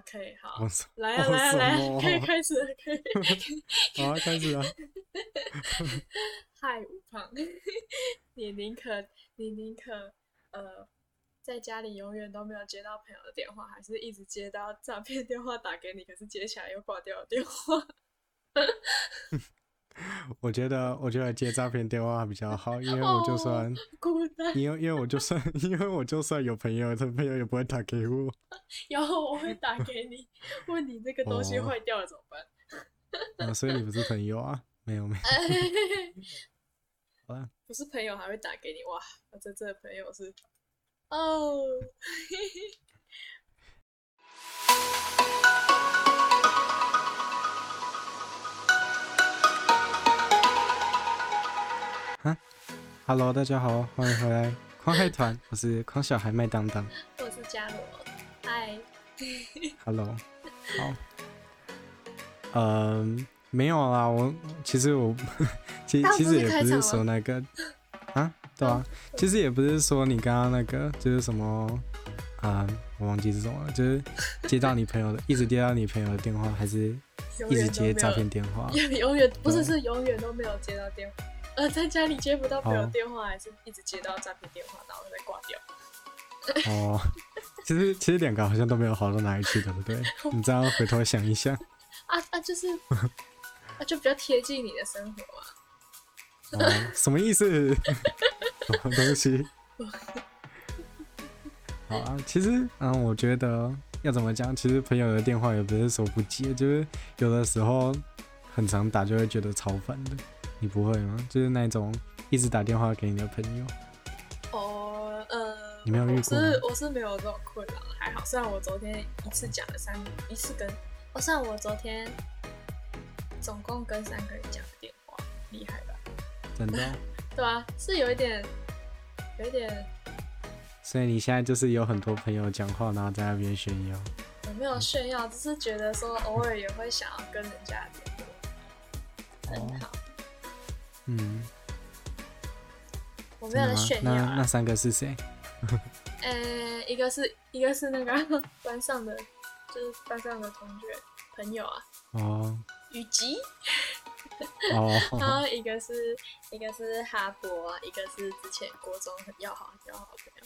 可以，okay, 好，來啊來啊來啊，可以開始，可以、oh. 可以， 好, 好，開始啊！嗨，武胖， 你寧可你寧可呃，在家裡永遠都沒有接到朋友的電話，還是一直接到詐騙電話打給你，可是接下來又掛掉了電話？ 我覺得，我覺得接詐騙電話比較好，因為我就算，哦、因為因為我就算，因為我就算有朋友，他朋友也不會打給我。然後我會打給你， 問你那個東西壞掉了怎麼辦、哦 啊？所以你不是朋友啊？沒有沒有。好啦，不是朋友還會打給你哇？我真正的朋友是哦。 Hello，大家好，歡迎回來狂嗨團， 我是狂小孩麥噹噹，我是佳羅，Hi，Hello， 好，嗯、呃，沒有啦，我其實我其實其實也不是說那個啊，對啊， 其實也不是說你剛剛那個就是什麼啊，我忘記是什麼，就是接到你朋友的， 一直接到你朋友的電話，還是一直接詐騙電話？永遠不是，是永遠都沒有接到電話。呃，在家裡接不到朋友電話，哦、還是一直接到詐騙電話，然後被掛掉。哦 其，其實其實兩個好像都沒有好到哪裡去，對不對？ 你這樣回頭想一想啊啊，就是 啊，就比較貼近你的生活嘛。 哦、什麼意思？ 什麼東西？ 好啊，其實嗯，我覺得要怎麼講，其實朋友的電話也不是說不接，就是有的時候很常打就會覺得超煩的。你不會嗎？就是那種一直打電話給你的朋友。哦，oh, 呃，你沒有遇過？我是我是沒有這種困擾，還好。雖然我昨天一次講了三個，oh. 一次跟，不、哦、是我昨天總共跟三個人講了電話，厲害吧？真的？ 對啊，是有一點，有一點。所以你現在就是有很多朋友講話，然後在那邊炫耀。我沒有炫耀，只是覺得說偶爾也會想要跟人家聯絡。Oh. 很好。嗯，我沒有選呀。那那三個是誰？呃、哎，一個是一個是那個班上的，就是班上的同學朋友啊。啊。雨吉。哦。然後一個是，一個是哈佛，一個是之前國中很要好、要好朋友。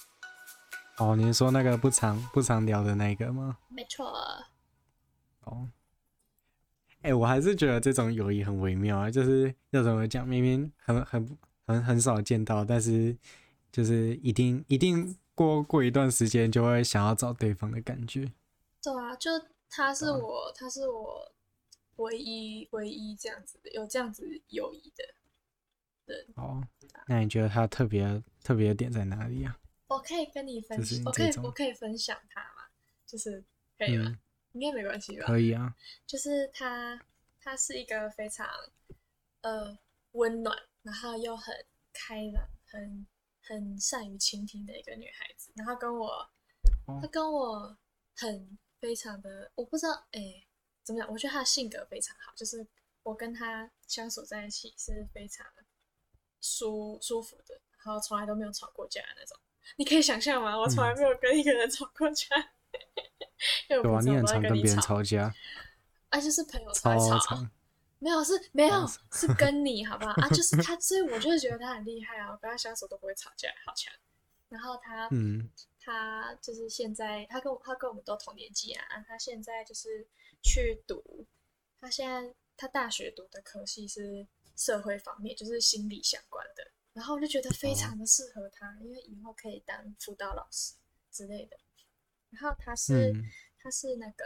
哦，您說那個不常不常聊的那一個嗎？沒錯。哦。哎、欸，我還是覺得這種友誼很微妙啊，就是要怎麼講，明明很很很很少見到，但是就是一定一定過過一段時間就會想要找對方的感覺。對啊，就他是我，哦、他是我唯一唯一這樣子的有這樣子友誼的人。哦，那你覺得他特別特別的點在哪裡啊？我可以跟你分析，我可以我可以分享他嗎？就是可以嗎？嗯應該沒關係吧？可以啊。就是她，她是一個非常呃溫暖，然後又很開朗、很很善於傾聽的一個女孩子。然後跟我，她跟我很非常的，我不知道哎、欸、怎麼講。我覺得她的性格非常好，就是我跟她相處在一起是非常舒舒服的，然後從來都沒有吵過架那種。你可以想象嗎？我從來沒有跟一個人吵過架。嗯 我對啊，我跟你，你很常跟別人，人吵架，啊，就是朋友吵吵長，沒有是沒有是跟你好不好啊？就是他，所以我就是覺得他很厲害啊！我跟他相處都不會吵架，好強。然後他，嗯，他就是現在他跟我他跟我們都同年紀啊。他現在就是去讀，他現在他大學讀的科系是社會方面，就是心理相關的。然後我就覺得非常的適合他，哦、因為以後可以當輔導老師之類的。然後他是，嗯、他是那個，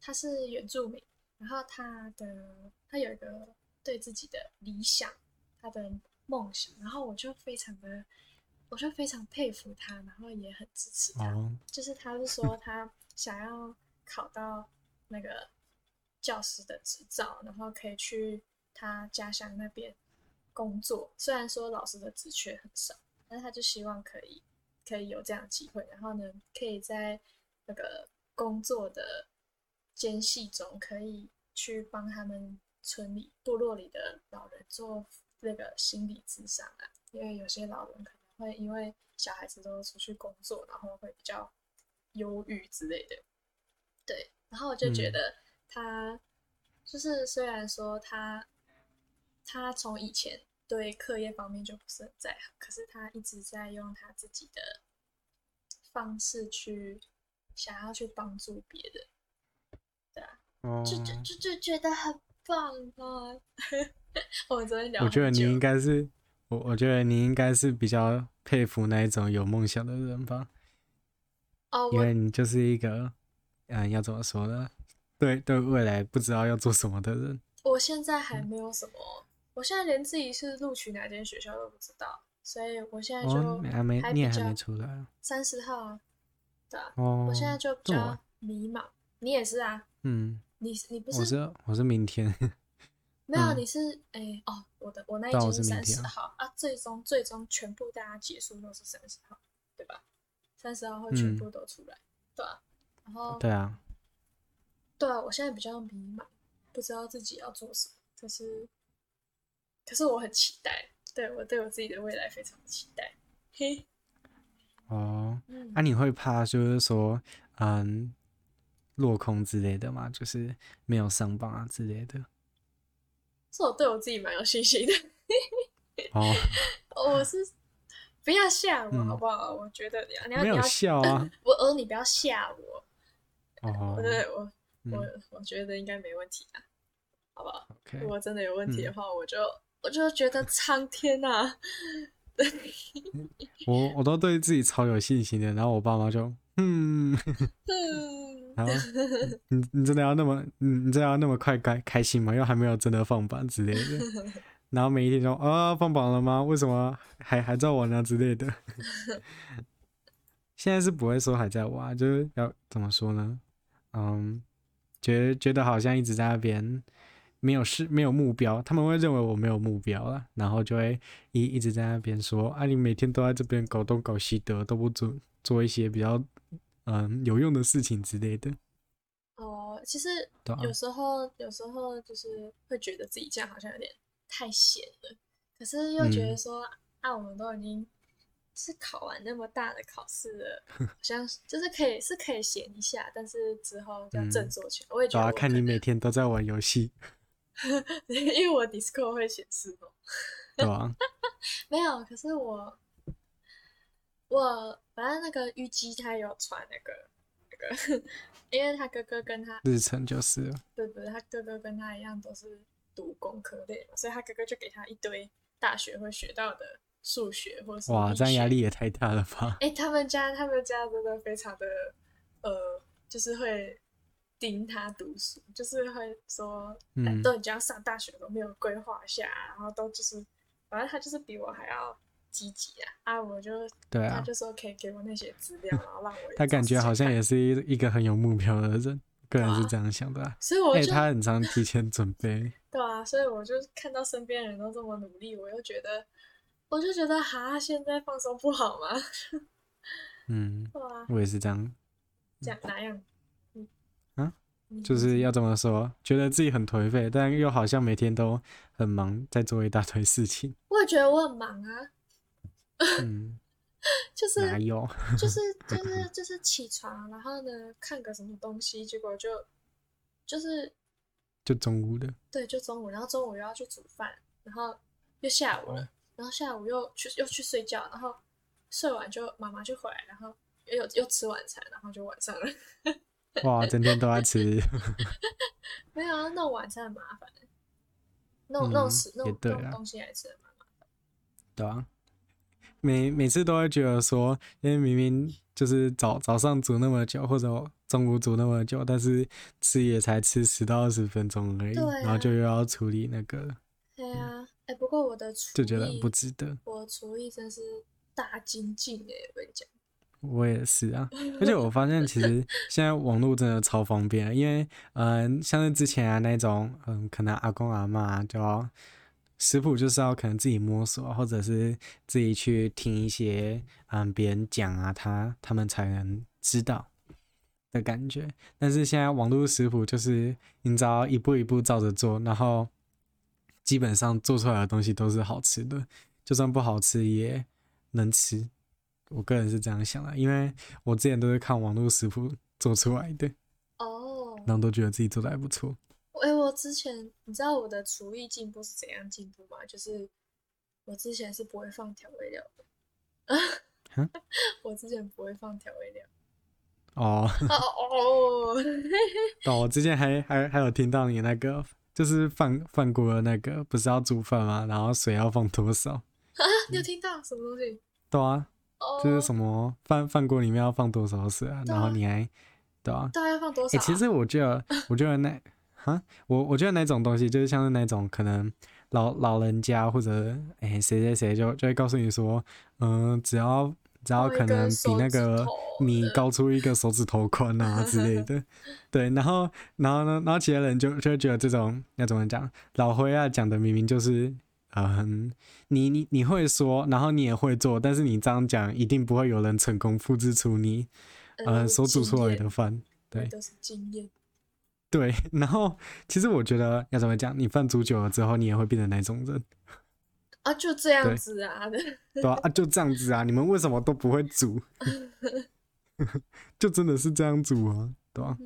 他是原住民。然後他的他有一個對自己的理想，他的夢想。然後我就非常的，我就非常佩服他，然後也很支持他。哦、就是他是說他想要考到那個教師的執照， 然後可以去他家鄉那邊工作。雖然說老師的職缺很少，但是他就希望可以。可以有這樣的機會，然後呢，可以在那個工作的間隙中，可以去幫他們村裡部落裡的老人做那個心理諮商啊。因為有些老人可能會因為小孩子都出去工作，然後會比較憂鬱之類的。對，然後我就覺得他、嗯、就是，雖然說他他從以前。對課業方面就不是很在行，可是他一直在用他自己的方式去想要去幫助別人，對啊，哦、就就就就覺得很棒啊！ 我昨天聊，我覺得你應該是，我我覺得你應該是比較佩服那一種有夢想的人吧？哦，因為你就是一個，嗯，要怎麼說呢？對，對未來不知道要做什麼的人。我現在還沒有什麼。我現在連自己是錄取哪間學校都不知道，所以我現在就還沒還沒出來。三十號啊，對，啊，哦、我現在就比較迷茫。嗯、你也是啊，嗯，你你不是我是我是明天，沒 有、嗯、你是哎、欸、哦，我的我那一集是三十號啊，最終最終全部大家結束都是三十號，對吧？三十號會全部都出來，嗯、對啊，然後對啊，對啊，我現在比較迷茫，不知道自己要做什麼，就是。可是我很期待，對我對我自己的未來非常期待。嘿，哦，那、嗯啊、你會怕就是說，嗯，落空之類的嗎？就是沒有上榜啊之類的？是我對我自己蠻有信心的。 哦， 我是不要嚇我好不好？嗯、我覺得你要你要笑啊！呃、我你不要嚇我。哦，呃、對我我、嗯、我覺得應該沒問題啊，好不好？Okay. 如果真的有問題的話，嗯、我就。我就覺得蒼天吶、啊！ 我我都對自己超有信心的，然後我爸媽就嗯， 然後你你真的要那麼你你真的要那麼快開開心嗎？又還沒有真的放榜之類的，然後每一天就啊、呃、放榜了嗎？為什麼還還在玩啊之類的？ 現在是不會說還在玩，就是要怎麼說呢？嗯、um,，覺覺得好像一直在那邊。沒有事，沒有目標，他們會認為我沒有目標了，然後就會一一直在那邊說：“啊，你每天都在這邊搞東搞西的，都不做做一些比較嗯有用的事情之類的。”哦、呃，其實、啊、有時候有時候就是會覺得自己這樣好像有點太閒了，可是又覺得說、嗯、啊，我們都已經是考完那麼大的考試了， 好像就是可以是可以閒一下，但是之後就要振作起來。嗯、我也覺得、啊，我可看你每天都在玩遊戲。 因為我的 Discord 會顯示哦、喔 對啊。 沒有，可是我我反正那個虞姬她有傳那個那個，因為他哥哥跟他日程就是，對對，他哥哥跟他一樣都是讀工科類，所以他哥哥就給他一堆大學會學到的數學或是學。哇，這樣壓力也太大了吧？哎、 欸，他們家他們家真的非常的呃，就是會。盯他讀書，就是會說，嗯，欸、都已經要上大學都沒有規劃一下、啊，然後都就是，反正他就是比我還要積極啊！啊，我就對、啊、他就說可以給我那些資料，然後讓我 他感覺好像也是一一個很有目標的人，個人是這樣想的、啊。所以我就、欸、他很常提前準備。 對啊，所以我就看到身邊人都這麼努力，我又覺得，我就覺得哈，現在放鬆不好嗎？ 嗯，哇我也是這樣。這樣，哪樣？就是要這麼說，覺得自己很頹廢，但又好像每天都很忙，在做一大堆事情。我也覺得我很忙啊，嗯、 就是哪有 就是就是就是起床，然後呢看個什麼東西，結果就就是就中午的。對，就中午，然後中午又要去煮飯，然後又下午了，然後下午又去又去睡覺，然後睡完就媽媽就回來，然後又有又吃晚餐，然後就晚上了。 哇，整天都在吃。 沒有啊，那個、晚餐很麻煩、欸，那種那種吃那種東西的，還吃的蠻麻煩，對啊，每每次都會覺得說，因為明明就是早早上煮那麼久，或者中午煮那麼久，但是吃也才吃十到二十分鐘而已，啊、然後就又要處理那個。對啊，哎、嗯欸，不過我的廚藝、就覺得很不值得。我廚藝真是大精進誒、欸，我跟你講。我也是啊，而且我發現其實現在網絡真的超方便，因為嗯，像是之前、啊、那種嗯，可能阿公阿嬤，啊、就要、啊、食譜，就是要可能自己摸索，或者是自己去聽一些嗯別人講啊，他他們才能知道的感覺。但是現在網絡食譜就是你只要一步一步照着做，然後基本上做出來的東西都是好吃的，就算不好吃也能吃。我個人是這樣想的，因為我之前都是看網絡食譜做出來的，哦，oh. 然後都覺得自己做的還不錯。哎、欸，我之前你知道我的廚藝進步是怎樣進步嗎？就是我之前是不會放調味料的，啊 蛤，我之前不會放調味料的。哦哦哦哦，哦，我之前還還還有聽到你那個，就是放放鍋那個，不是要煮飯嗎？然後水要放多少？哦 嗯、你有聽到什麼東西？對啊。就、oh, 是什麼飯飯鍋裡面要放多少水，啊？啊然後你還對吧、啊？大概放多少、啊？哎、欸，其實我就，我就那，哈，我我覺得那 覺得種東西就是像是那種可能老老人家或者哎誰誰誰就就會告訴你說，嗯、呃，只要只要可能比那個你高出一個手指頭寬啊之類的， 對，然後然後呢，然後其他人就就覺得這種要怎麼講，老歲仔講的明明就是。嗯，你你你會說，然後你也會做，但是你這樣講，一定不會有人成功複製出你呃所煮出來的飯。對，都是經驗。對，然後其實我覺得要怎麼講，你飯煮久了之後，你也會變成那種人。啊，就這樣子啊，對啊，就這樣子啊！子啊 你們為什麼都不會煮？ 就真的是這樣煮啊，對吧，啊？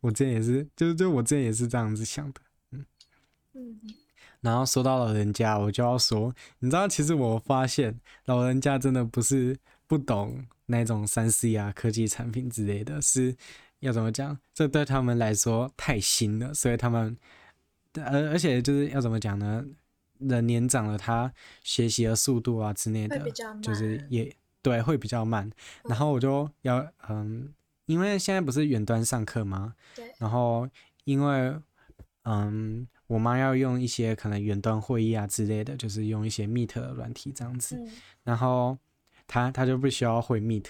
我之前也是，就是就我之前也是這樣子想的，嗯。嗯。然後說到老人家，我就要說，你知道，其實我發現老人家真的不是不懂那種三 C 啊、科技產品之類的，是要怎麼講？這對他們來說太新了，所以他們，而、呃、而且就是要怎麼講呢？人年長了，他學習的速度啊之類的，會比較慢就是，也對，會比較慢。嗯、然後我就要嗯，因為現在不是遠端上課嗎？對然後因為嗯。我媽要用一些可能遠端會議啊之類的，就是用一些 Meet 軟體這樣子，嗯、然後她她就不需要會 Meet，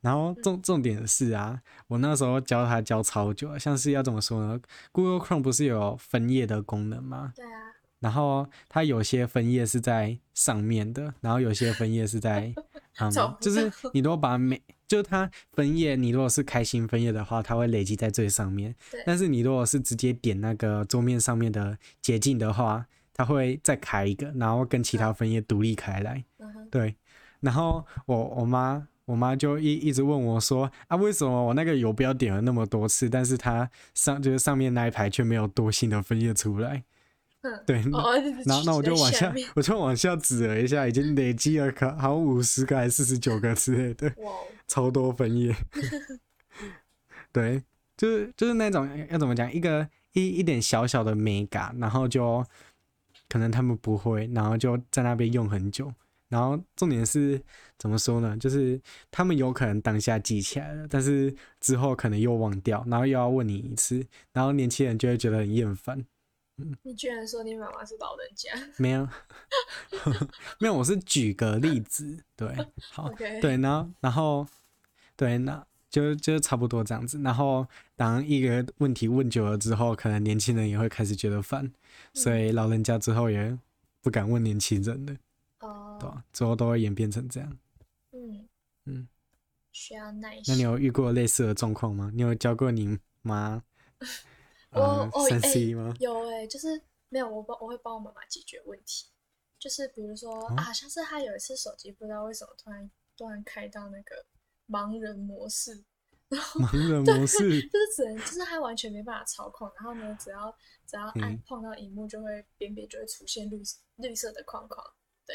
然後重重點是啊，我那時候教她教超久，像是要怎麼說呢？Google Chrome 不是有分頁的功能嗎？對啊、嗯，然後它有些分頁是在上面的，然後有些分頁是在， 嗯、就是你都把每就是它分頁，你如果是開新分頁的話，它會累積在最上面。對但是你如果是直接點那個桌面上面的捷徑的話，它會再開一個，然後跟其他分頁獨立開來。嗯、對。然後我我媽我媽就一一直問我說啊，為什麼我那個游標點了那麼多次，但是它上就是上面那一排卻沒有多新的分頁出來？嗯、對、哦然。然後那我就往下，下面我就往下指了一下，已經累積了可好五十個還是四十九個之類的。哇超多分頁， 對，就是就是那種要怎麼講，一個一一,一點小小的眉角，然後就可能他們不會，然後就在那邊用很久，然後重點是怎麼說呢？就是他們有可能當下記起來了，但是之後可能又忘掉，然後又要問你一次，然後年輕人就會覺得很厭煩。嗯、你居然說你媽媽是老人家？沒有、啊， 沒有，我是舉個例子，對，好，Okay. 對，然後，然後，對，那就就差不多這樣子。然後，當一個問題問久了之後，可能年輕人也會開始覺得煩，嗯、所以老人家之後也不敢問年輕人了，嗯、對吧、啊？之後都會演變成這樣。嗯嗯，嗯需要耐心。那你有遇過類似的狀況嗎？你有教過你媽？ 哦，啊、哦，我哎、欸、有哎、欸、就是沒有我幫我會幫我媽媽解決問題，就是比如說、哦、啊，像是她有一次手機不知道為什麼突然突然開到那個盲人模式，盲人模式就 是只能就是他完全沒辦法操控，然後呢，只要只要按碰到熒幕就會邊邊、嗯、就會出現綠綠色的框框，對，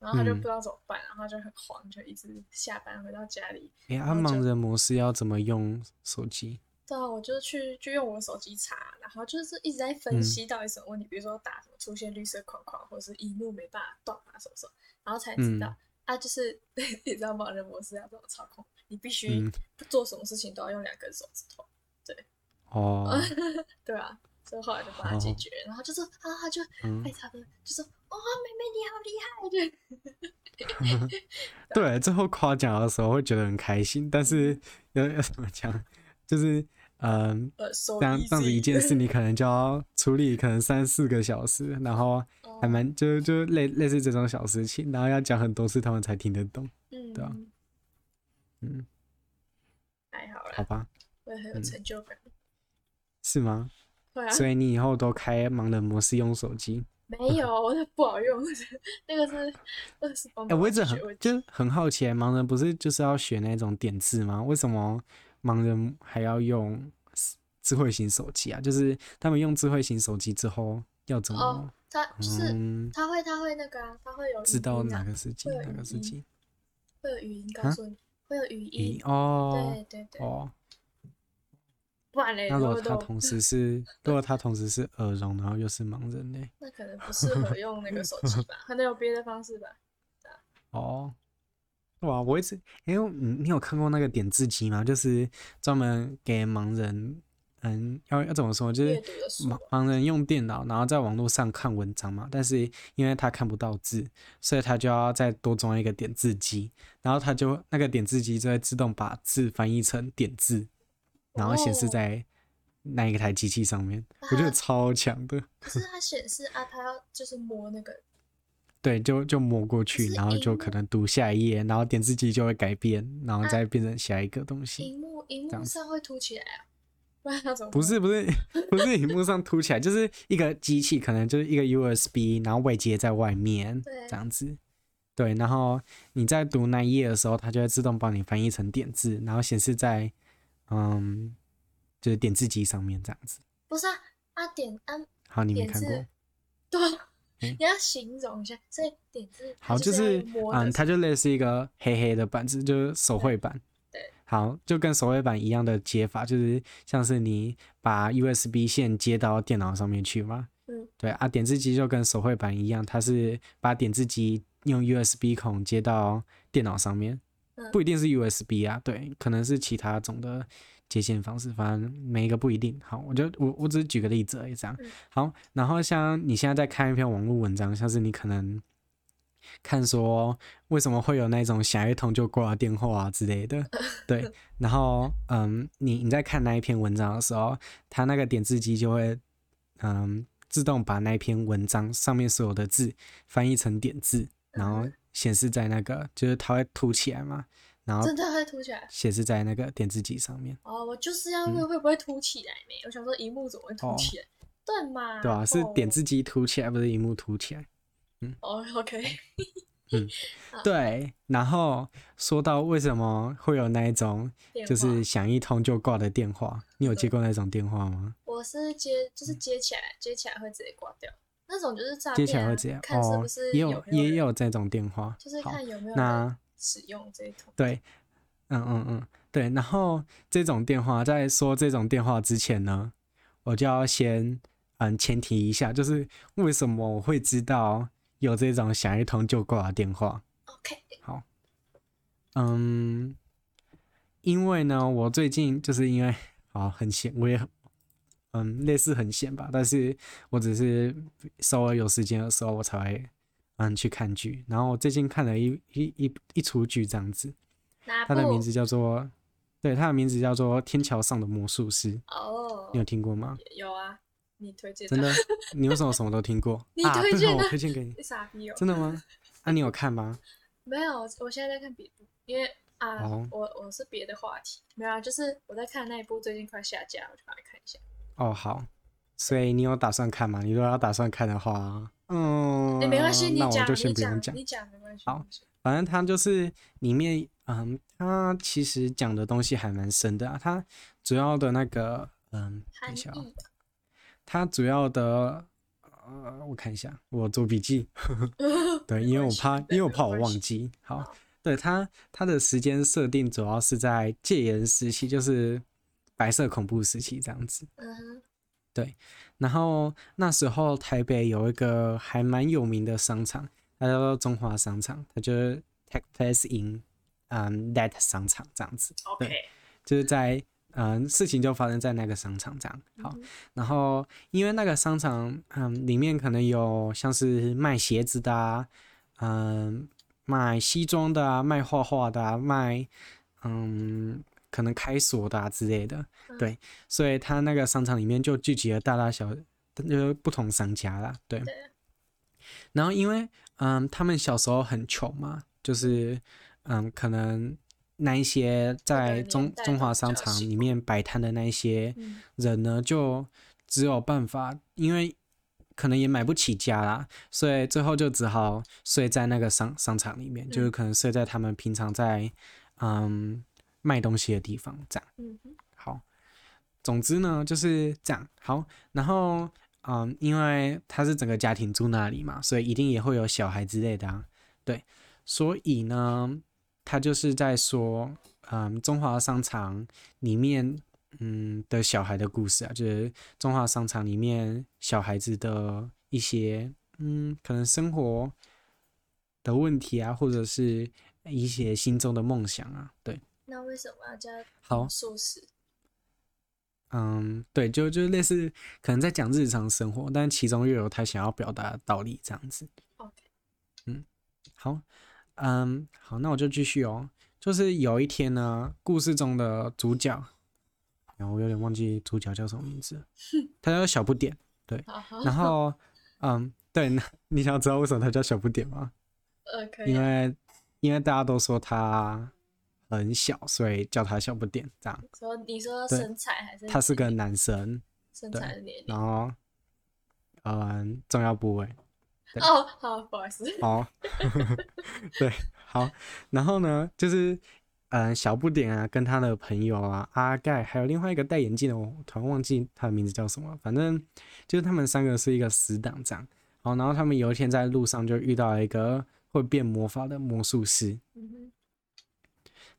然後他就不知道怎麼辦，然後就很慌，就一直下班回到家裡。你按盲人模式要怎麼用手機？對啊，我就去就用我的手機查，然後就是一直在分析到底什麼問題，嗯、比如說打什麼出現綠色框框，或是屏幕沒辦法斷啊什麼什麼，然後才知道、嗯、啊，就是呵呵你知道盲人模式要怎麼操控，你必須做什麼事情都要用兩根手指頭。對，哦， 對啊，所以後來就把它解決好然後就說啊，就哎啥的，嗯、就說啊、哦，妹妹你好厲害， 對、啊，對，最後誇獎的時候會覺得很開心，但是要要怎麼講，就是。嗯，這樣這樣子一件事，你可能就要處理可能三四個小時，然後還蠻就就類類似這種小事情，然後要講很多次他們才聽得懂，對吧？嗯，太好了，好吧，我也很有成就感，是嗎？對啊，所以你以後都開盲人模式用手機？沒有，那不好用，那個是二十。哎，我一直很就很好奇，盲人不是就是要學那種點字嗎？為什麼？盲人還要用智慧型手機啊？就是他們用智慧型手機之後要怎麼？哦，他是他會他會那個啊，他會有知道哪個時機，哪個時機，會有語音告訴你，會有語音哦，對對對，不然嘞？如果他同時是如果他同時是耳聾，然後又是盲人嘞？那可能不適合用那個手機吧，可能有別的方式吧，啊哦。哇，我一直，哎、欸，你你有看過那個點字機嗎？就是專門給盲人，嗯，要要怎麼說，就是盲盲人用電腦，然後在網絡上看文章嘛，但是因為他看不到字，所以他就要再多裝一個點字機，然後他就那個點字機就會自動把字翻譯成點字，然後顯示在那一個台機器上面，哦、我覺得超強的。可是它顯示啊，它要就是摸那個。對，就就摸過去，然後就可能讀下一頁，然後點字機就會改變，然後再變成下一個東西。啊、屏幕，屏幕上會凸起來、啊、不是不是不是屏幕上凸起來， 就是一個機器，可能就是一個 USB，然後外接在外面，對，這樣子。對，然後你在讀那一頁的時候，它就會自動幫你翻譯成點字，然後顯示在嗯，就是點字機上面這樣子。不是啊，啊點啊好，你字沒看過，對。嗯、你要形容一下這點字好，就是嗯、啊，它就類似一個黑黑的板子，就是手繪板對。對，好，就跟手繪板一樣的接法，就是像是你把 USB 線接到電腦上面去嘛。嗯，對啊，點字機就跟手繪板一樣，它是把點字機用 USB 孔接到電腦上面，嗯、不一定是 USB 啊，對，可能是其他種的。接線方式，反正每一個不一定好。我就我我只是舉個例子而已，這樣好。然後像你現在在看一篇網絡文章，像是你可能看說為什麼會有那種響一通就掛電話啊之類的，對。然後嗯，你你在看那一篇文章的時候，它那個點字機就會嗯自動把那篇文章上面所有的字翻譯成點字，然後顯示在那個就是它會凸起來嘛。然後真的會凸起來，顯示在那個點字機上面。哦，我就是要問會不會凸起來呢？我想說，熒幕怎麼會凸起來？對嗎？對啊，是點字機凸起來，不是熒幕凸起來。嗯，哦，OK，嗯，對。然後說到為什麼會有那一種，就是響一通就掛的電話，你有接過那種電話嗎？我是接，就是接起來，接起來會直接掛掉，那種就是詐騙。接起來會直接，看是也有也有這種電話，就是看有沒有那。使用這一通，對，嗯嗯嗯，對。然後這種電話，在說這種電話之前呢，我就要先，嗯，前提一下，就是為什麼我會知道有這種想一通就掛的電話？OK，好，嗯，因為呢，我最近就是因為，好，很閒，我也嗯，類似很閒吧，但是我只是稍微有時間的時候，我才會。慢慢、嗯、去看劇，然後我最近看了一一一一出劇這樣子，不它的名字叫做，對，它的名字叫做《天橋上的魔術師》。哦，你有聽過嗎？有啊，你推薦的。真的？你為什麼什麼都聽過？ 你推薦、啊、我推薦給你。你傻逼哦。真的嗎？那、啊、你有看嗎？ 沒有，我現在在看別的，因為啊，哦、我我是別的話題，沒有啊，就是我在看那一部，最近快下架，我就把它看一下。哦，好，所以你有打算看嗎？你如果要打算看的話。嗯，那我就先不用講。你你好，反正他就是裡面，嗯，他其實講的東西還蠻深的啊。它主要的那個，嗯，看一下啊、哦，它主要的、呃，我看一下，我做筆記。嗯、呵呵對，因為我怕，對因為我怕我忘記。好，嗯、對，他他的時間設定主要是在戒嚴時期，就是白色恐怖時期這樣子。嗯對，然後那時候台北有一個還蠻有名的商場，它叫做中華商場，它就是 take place in，嗯，That 商場這樣子。OK，就是在嗯，事情就發生在那個商場這樣。好，mm hmm. 然後因為那個商場嗯，裡面可能有像是賣鞋子的啊，嗯，賣西裝的啊，賣畫畫的啊，賣嗯。可能開鎖的、啊、之類的，嗯、對，所以他那個商場裡面就聚集了大大小小，就不同商家啦，對。對，然後因為，嗯，他們小時候很窮嘛，嗯、就是，嗯，可能那一些在中、喔、中華商場裡面擺攤的那一些人呢，嗯、就只有辦法，因為可能也買不起家啦，所以最後就只好睡在那個商商場裡面，嗯、就是可能睡在他們平常在，嗯。嗯賣東西的地方，這樣，好。總之呢，就是這樣。好，然後，嗯，因為他是整個家庭住那裡嘛，所以一定也會有小孩之類的啊，對。所以呢，他就是在說，嗯，中華商場裡面，嗯，的小孩的故事啊，就是中華商場裡面小孩子的一些，嗯，可能生活的問題啊，或者是一些心中的夢想啊，對。那為什麼要叫好素食好？嗯，對，就就類似可能在講日常生活，但其中又有他想要表達的道理這樣子。Okay. 嗯，好，嗯，好，那我就繼續哦。就是有一天呢，故事中的主角，然後我有點忘記主角叫什麼名字，他叫小不點。 對，然後， 嗯，對，那，你想知道為什麼他叫小不點嗎？Okay. 因為，因為大家都說他。很小，所以叫他小不點，這樣。所以你說身材還是？他是個男生。身材的臉。然後，嗯，重要部位。哦，oh, 好，不好意思。哦，oh, 對，好。然後呢，就是，嗯，小不點啊，跟他的朋友啊，阿蓋，還有另外一個戴眼鏡的，我突然忘記他的名字叫什麼。反正就是他們三個是一個死黨，這樣。然後他們有一天在路上就遇到了一個會變魔法的魔術師。嗯哼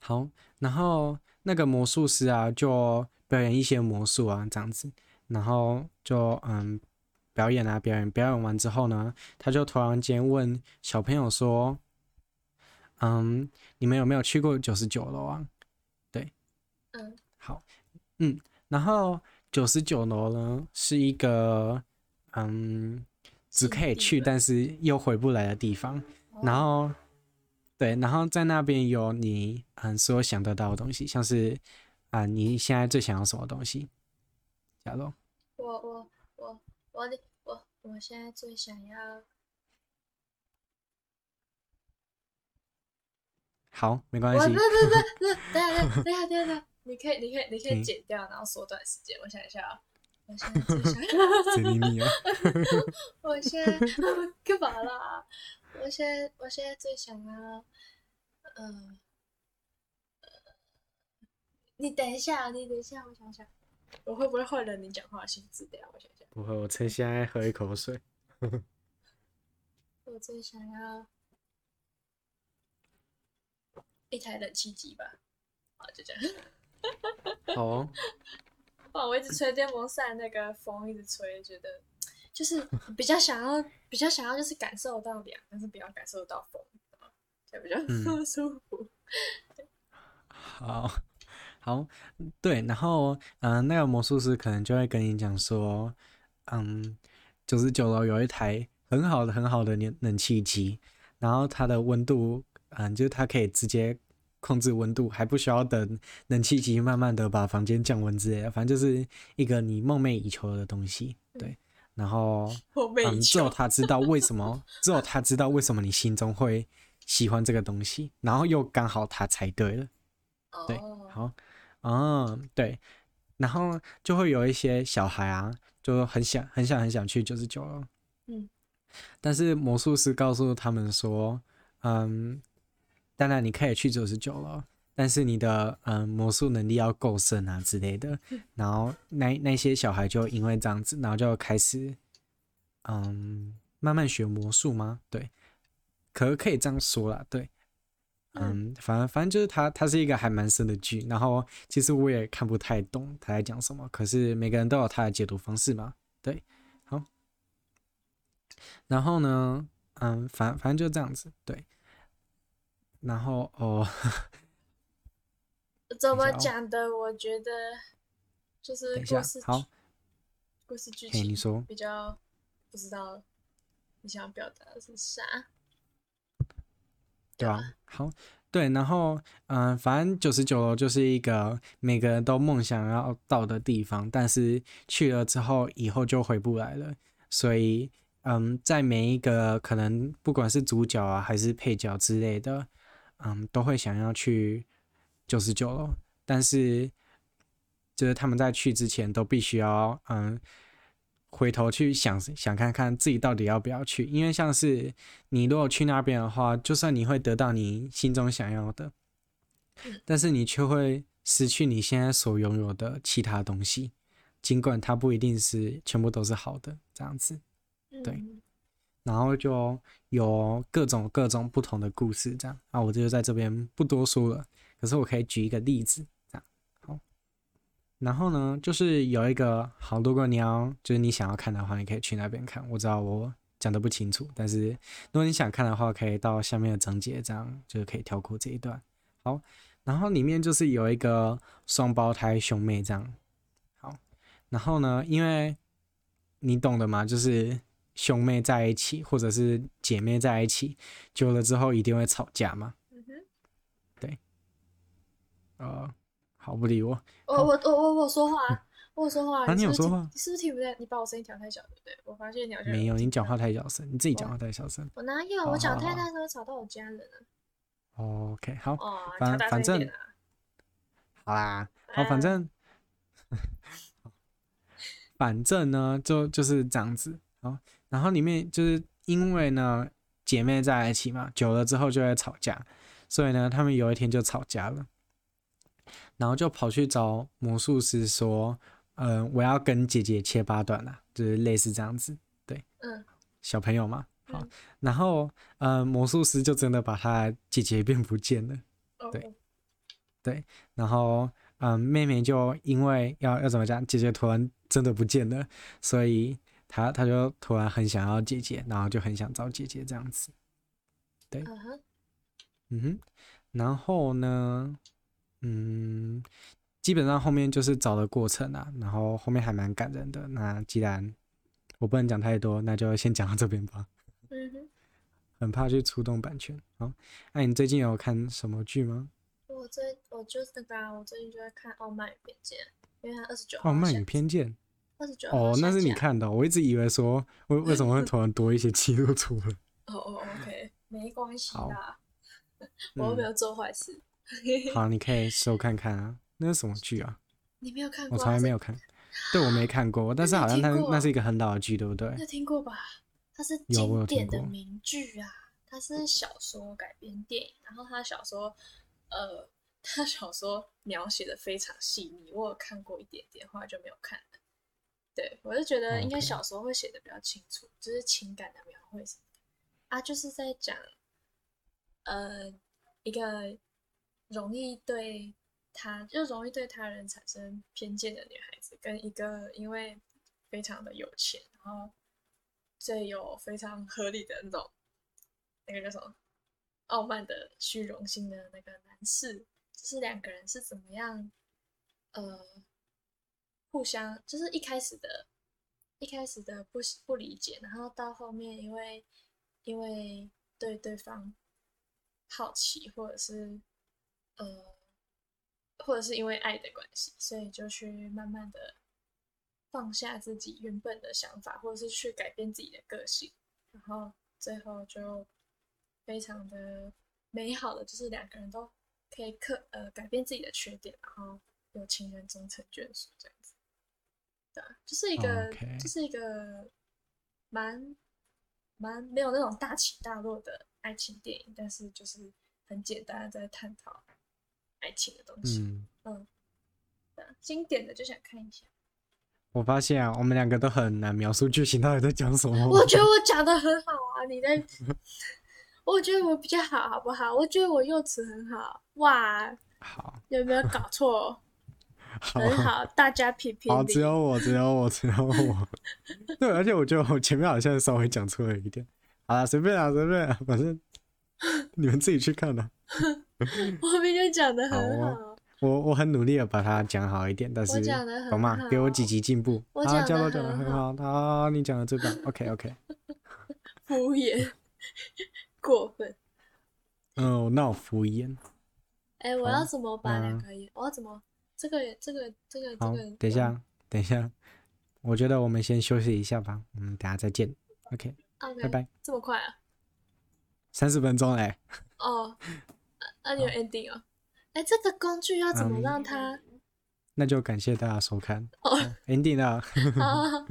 好，然後那個魔術師啊，就表演一些魔術啊，這樣子，然後就嗯表演啊，表演表演完之後呢，他就突然間問小朋友說：“嗯，你們有沒有去過九十九樓啊？”對，嗯，好，嗯，然後九十九樓呢是一個嗯只可以去但是又回不來的地方，然後。對，然後在那邊有你嗯所想得到的東西，像是啊、呃，你現在最想要什麼東西？假如。我我我我的我我現在最想要。好，沒關係。不不不不，等下等下等下等下，你可以你可以你可以剪掉，然後縮短時間，我想一下啊、哦。我現在最想要啊！我現在幹嘛了？我現在我現在最想要，呃，你等一下，你等一下，我想想，我會不會壞了你講話的興致的呀？我想想，不會，我趁現在喝一口水。 我最想要一台冷氣機吧。好，就這樣。 好、哦。哇、哦！我一直吹電風扇，那個風一直吹，覺得就是比較想要， 比較想要就是感受到涼，但是比較感受到風，就比較舒服。好，好，對，然後嗯、呃，那個魔術師可能就會跟你講說，嗯，九十九樓有一台很好的、很好的冷冷氣機，然後它的溫度，嗯、呃，就它可以直接。控制溫度還不需要等冷氣機慢慢的把房間降溫之類的，反正就是一個你夢寐以求的東西。對，然後，嗯，只有他知道為什麼， 只有他知道為什麼你心中會喜歡這個東西，然後又剛好他猜對了。對，好，oh。嗯，對，然後就會有一些小孩啊，就很想、很想、很想去就是九十九樓。嗯。但是魔術師告訴他們說，嗯。當然，你可以去九十九樓，但是你的嗯魔術能力要夠深啊之類的。然後那那些小孩就因為這樣子，然後就開始嗯慢慢學魔術嗎？對，可可以這樣說啦。對，嗯，反正反正就是他，他是一個還蠻深的劇，然後其實我也看不太懂他在講什麼，可是每個人都有他的解讀方式嘛。對，好，然後呢，嗯，反正反正就這樣子，對。然後哦，怎麼講的？ 下我覺得就是故事好，故事劇情說比較不知道你想要表達的是啥？對啊，好，對，然後嗯，反正九十九樓就是一個每個人都夢想要到的地方，但是去了之後以後就回不來了，所以嗯，在每一個可能不管是主角啊還是配角之類的。嗯，都會想要去九十九樓，但是就是他們在去之前都必須要嗯回頭去想想看看自己到底要不要去，因為像是你如果去那邊的話，就算你會得到你心中想要的，但是你卻會失去你現在所擁有的其他東西，儘管它不一定是全部都是好的這樣子，對。嗯然後就有各種各種不同的故事，這樣，啊，我就在這邊不多說了。可是我可以舉一個例子，這樣好。然後呢，就是有一個好，如果你要，就是你想要看的話，你可以去那邊看。我知道我講的不清楚，但是如果你想看的話，可以到下面的章節，這樣就是可以跳過這一段。好，然後裡面就是有一個雙胞胎兄妹，這樣好。然後呢，因為你懂的嘛，就是。兄妹在一起，或者是姐妹在一起，久了之後一定會吵架嘛？嗯哼，對。哦，好不理我。我我我我我說話，我說話。啊，你有說話？你是不是聽不見？你把我聲音調太小，對不對？我發現你好像沒有。你講話太小聲，你自己講話太小聲。我哪有？我講太大聲，會吵到我家人了。OK，好。反反正。好啦，好，反正，反正呢，就就是這樣子。然後裡面就是因為呢，姐妹在一起嘛，久了之後就會吵架，所以呢，他們有一天就吵架了，然後就跑去找魔術師說：“嗯、呃，我要跟姐姐切八段了、啊。”就是類似這樣子，對，嗯，小朋友嘛，好，嗯、然後嗯、呃，魔術師就真的把她姐姐變不見了，對，哦、對，然後嗯、呃，妹妹就因為要要怎麼講，姐姐突然真的不見了，所以。他他就突然很想要姐姐，然後就很想找姐姐這樣子，對，uh huh. 嗯哼，然後呢，嗯，基本上後面就是找的過程啊，然後後面還蠻感人的。那既然我不能講太多，那就先講到這邊吧。嗯哼、uh，huh. 很怕去觸動版權、哦、啊。那你最近有看什麼劇嗎？我最我就是啊，我最近就在看《傲慢與偏見》，因為它二十九號。《傲慢與偏見》。哦，那是你看到，我一直以為說，為為什麼會突然多一些記錄出來？哦哦、 oh,，OK，沒關係的，好嗯、 我又沒有做壞事。 好，你可以收看看啊，那是什麼劇啊？你沒有看過、啊？過？我從來沒有看。是對，我沒看過，啊、但是好像它那是一個很老的劇，對不對？你有聽過吧？它是經典的名劇啊，它是小說改編電影，然後它小說，呃，它小說描寫的非常細膩，我有看過一點點，後來就沒有看了。對，我是覺得應該小時候會寫的比較清楚，Okay. 就是情感的描繪什麼的啊，就是在講，呃，一個容易對他就容易對他人產生偏見的女孩子，跟一個因為非常的有錢，然後最有非常合理的那種，那個叫什麼傲慢的虛榮心的那個男士，就是兩個人是怎麼樣，呃。互相就是一開始的，一開始的不不理解，然後到後面，因為因為對對方好奇，或者是呃，或者是因為愛的關係，所以就去慢慢的放下自己原本的想法，或者是去改變自己的個性，然後最後就非常的美好的，就是兩個人都可以克呃改變自己的缺點，然後有情人終成眷屬這樣。對，就是一個，Okay. 就是一個蠻蠻沒有那種大起大落的愛情電影，但是就是很簡單在探討愛情的東西。嗯嗯對，經典的就想看一下。我發現啊，我們兩個都很難描述劇情，到底在講什麼。 我覺得我講得很好啊，你在？ 我覺得我比較好，好不好？我覺得我用詞很好，哇，好，有沒有搞錯？ 很好，大家批評。好，只有我，只有我，只有我。對，而且我覺得前面好像稍微講錯了一點。好了，隨便啊，隨便啊，反正你們自己去看吧。我明明講的很好。我我很努力的把它講好一點，但是。我好。懂嗎？給我積極進步。我講的很好。好，你講的這個，OK OK。敷衍，過分。嗯，那我敷衍。哎，我要怎麼辦？可以，我要怎麼？這個這個這個這個，等一下要等一下，我覺得我們先休息一下吧，我們等下再見，OK，, okay 拜拜，這麼快啊，三十分鐘哎，哦，按鈕 ending 哦，哎，這個工具要怎麼讓它，um, 那就感謝大家收看，oh. uh, ending 啊。 好好好好